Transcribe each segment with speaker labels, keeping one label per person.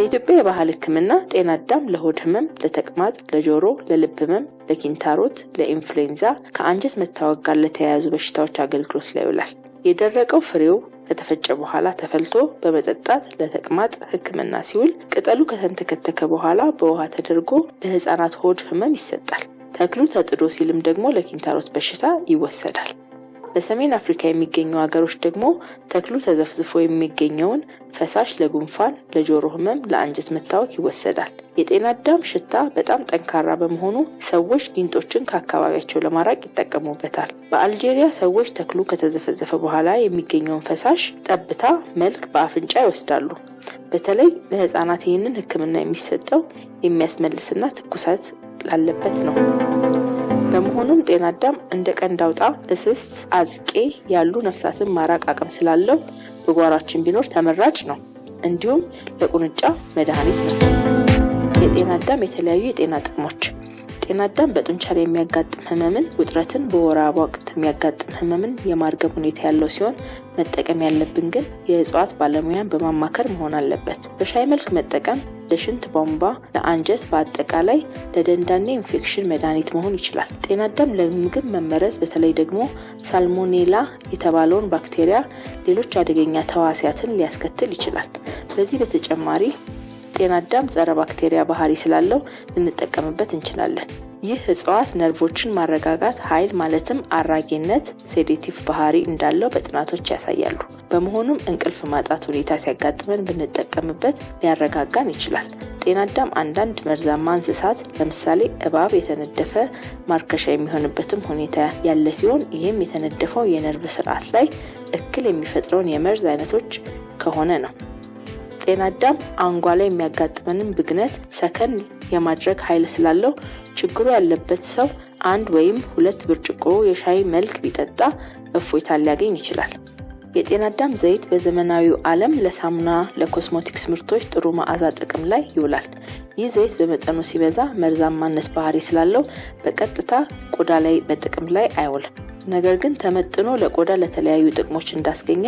Speaker 1: የኢትዮጵያ የባህል ህክምና ጤና አዳም ለሆድ ህመም፣ ለተቅማጥ፣ ለጆሮ፣ ለልብ ህመም፣ ለኪንታሮት፣ ለኢንፍሉዌንዛ ከአንጀት መታወቅ ጋር ለተያያዙ በሽታዎች አገልግሎት ላይ ይውላል። የደረቀው ፍሬው ከተፈጨ በኋላ ተፈልቶ በመጠጣት ለተቅማጥ ሕክምና ሲውል፣ ቅጠሉ ከተንተከተከ በኋላ በውሃ ተደርጎ ለህፃናት ሆድ ህመም ይሰጣል። ተክሉ ተጥዶ ሲልም ደግሞ ለኪንታሮት በሽታ ይወሰዳል። በሰሜን አፍሪካ የሚገኙ ሀገሮች ደግሞ ተክሉ ተዘፍዝፎ የሚገኘውን ፈሳሽ ለጉንፋን፣ ለጆሮ ህመም፣ ለአንጀት መታወክ ይወሰዳል። የጤና አዳም ሽታ በጣም ጠንካራ በመሆኑ ሰዎች ጊንጦችን ከአካባቢያቸው ለማራቅ ይጠቀሙበታል። በአልጄሪያ ሰዎች ተክሉ ከተዘፈዘፈ በኋላ የሚገኘውን ፈሳሽ ጠብታ መልክ በአፍንጫ ይወስዳሉ። በተለይ ለህፃናት ይህንን ህክምና የሚሰጠው የሚያስመልስና ትኩሳት ላለበት ነው። በመሆኑም ጤና አዳም እንደ ቀንድ አውጣ፣ እስስት፣ አዝቄ ያሉ ነፍሳትን ማራቅ አቅም ስላለው በጓሯችን ቢኖር ተመራጭ ነው። እንዲሁም ለቁንጫ መድኃኒት ነው። የጤና አዳም የተለያዩ የጤና ጥቅሞች ጤና አዳም በጡንቻ ላይ የሚያጋጥም ህመምን፣ ውጥረትን፣ በወራ ወቅት የሚያጋጥም ህመምን የማርገብ ሁኔታ ያለው ሲሆን መጠቀም ያለብን ግን የእጽዋት ባለሙያን በማማከር መሆን አለበት። በሻይ መልክ መጠቀም ለሽንት ቧንቧ፣ ለአንጀት፣ በአጠቃላይ ለደንዳኔ ኢንፌክሽን መድኃኒት መሆን ይችላል። ጤና ለምግብ መመረዝ በተለይ ደግሞ ሳልሞኔላ የተባለውን ባክቴሪያ፣ ሌሎች አደገኛ ተዋሲያትን ሊያስከትል ይችላል። በዚህ በተጨማሪ ጤናዳም ጸረ ባክቴሪያ ባህሪ ስላለው ልንጠቀምበት እንችላለን። ይህ እጽዋት ነርቮችን ማረጋጋት ኃይል ማለትም አራጌነት፣ ሴዴቲቭ ባህሪ እንዳለው በጥናቶች ያሳያሉ። በመሆኑም እንቅልፍ ማጣት ሁኔታ ሲያጋጥመን ብንጠቀምበት ሊያረጋጋን ይችላል። ጤናዳም አንዳንድ መርዛማ እንስሳት ለምሳሌ እባብ የተነደፈ ማርከሻ የሚሆንበትም ሁኔታ ያለ ሲሆን ይህም የተነደፈው የነርቭ ስርዓት ላይ እክል የሚፈጥረውን የመርዝ አይነቶች ከሆነ ነው። ጤናዳም አንጓ ላይ የሚያጋጥመንም ብግነት ሰከን የማድረግ ኃይል ስላለው ችግሩ ያለበት ሰው አንድ ወይም ሁለት ብርጭቆ የሻይ መልክ ቢጠጣ እፎይታን ሊያገኝ ይችላል። የጤናዳም ዘይት በዘመናዊው ዓለም ለሳሙና፣ ለኮስሞቲክስ ምርቶች ጥሩ መዓዛ ጥቅም ላይ ይውላል። ይህ ዘይት በመጠኑ ሲበዛ መርዛማነት ባህሪ ስላለው በቀጥታ ቆዳ ላይ በጥቅም ላይ አይውልም። ነገር ግን ተመጥኖ ለቆዳ ለተለያዩ ጥቅሞች እንዳስገኘ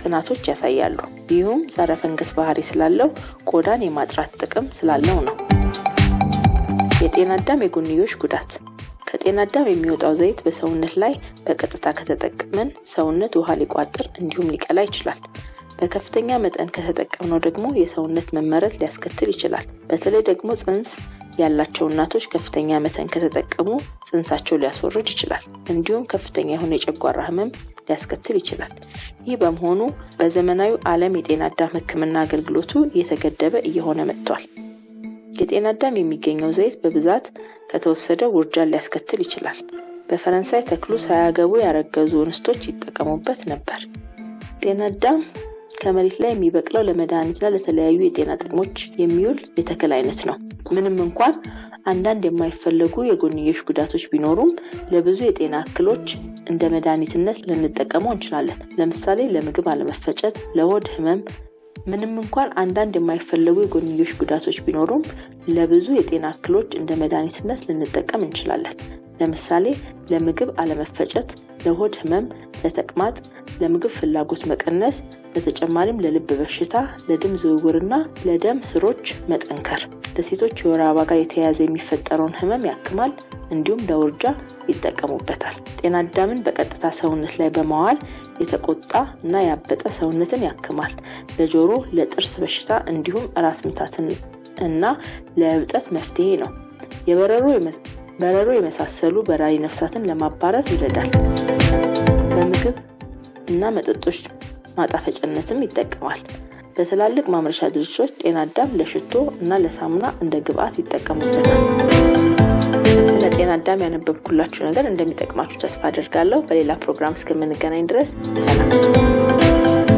Speaker 1: ጥናቶች ያሳያሉ። ይህም ጸረ ፈንገስ ባህሪ ስላለው ቆዳን የማጥራት ጥቅም ስላለው ነው። የጤና አዳም የጎንዮሽ ጉዳት ከጤና አዳም የሚወጣው ዘይት በሰውነት ላይ በቀጥታ ከተጠቀመን ሰውነት ውሃ ሊቋጥር እንዲሁም ሊቀላ ይችላል። በከፍተኛ መጠን ከተጠቀምነው ደግሞ የሰውነት መመረት ሊያስከትል ይችላል። በተለይ ደግሞ ጽንስ ያላቸው እናቶች ከፍተኛ መጠን ከተጠቀሙ ጽንሳቸው ሊያስወርድ ይችላል። እንዲሁም ከፍተኛ የሆነ የጨጓራ ህመም ሊያስከትል ይችላል። ይህ በመሆኑ በዘመናዊ ዓለም የጤና አዳም ህክምና አገልግሎቱ እየተገደበ እየሆነ መጥቷል። የጤና አዳም የሚገኘው ዘይት በብዛት ከተወሰደ ውርጃን ሊያስከትል ይችላል። በፈረንሳይ ተክሉ ሳያገቡ ያረገዙ እንስቶች ይጠቀሙበት ነበር። ጤና አዳም ከመሬት ላይ የሚበቅለው ለመድኃኒትና ለተለያዩ የጤና ጥቅሞች የሚውል የተክል አይነት ነው። ምንም እንኳን አንዳንድ የማይፈለጉ የጎንዮሽ ጉዳቶች ቢኖሩም ለብዙ የጤና እክሎች እንደ መድኃኒትነት ልንጠቀመው እንችላለን። ለምሳሌ ለምግብ አለመፈጨት፣ ለሆድ ህመም፣ ምንም እንኳን አንዳንድ የማይፈለጉ የጎንዮሽ ጉዳቶች ቢኖሩም ለብዙ የጤና እክሎች እንደ መድኃኒትነት ልንጠቀም እንችላለን። ለምሳሌ ለምግብ አለመፈጨት፣ ለሆድ ህመም፣ ለተቅማጥ፣ ለምግብ ፍላጎት መቀነስ፣ በተጨማሪም ለልብ በሽታ፣ ለደም ዝውውርና ለደም ስሮች መጠንከር። ለሴቶች የወር አበባ ጋር የተያያዘ የሚፈጠረውን ህመም ያክማል። እንዲሁም ለውርጃ ይጠቀሙበታል። ጤና አዳምን በቀጥታ ሰውነት ላይ በማዋል የተቆጣ እና ያበጠ ሰውነትን ያክማል። ለጆሮ፣ ለጥርስ በሽታ እንዲሁም ራስ ምታትን እና ለእብጠት መፍትሄ ነው። የበረሮ በረሮ የመሳሰሉ በራሪ ነፍሳትን ለማባረር ይረዳል። በምግብ እና መጠጦች ማጣፈጫነትም ይጠቀማል። በትላልቅ ማምረቻ ድርጅቶች ጤና ዳም ለሽቶ እና ለሳሙና እንደ ግብአት ይጠቀሙበታል። ስለ ጤና አዳም ያነበብኩላችሁ ነገር እንደሚጠቅማችሁ ተስፋ አድርጋለሁ። በሌላ ፕሮግራም እስከምንገናኝ ድረስ ሰላም።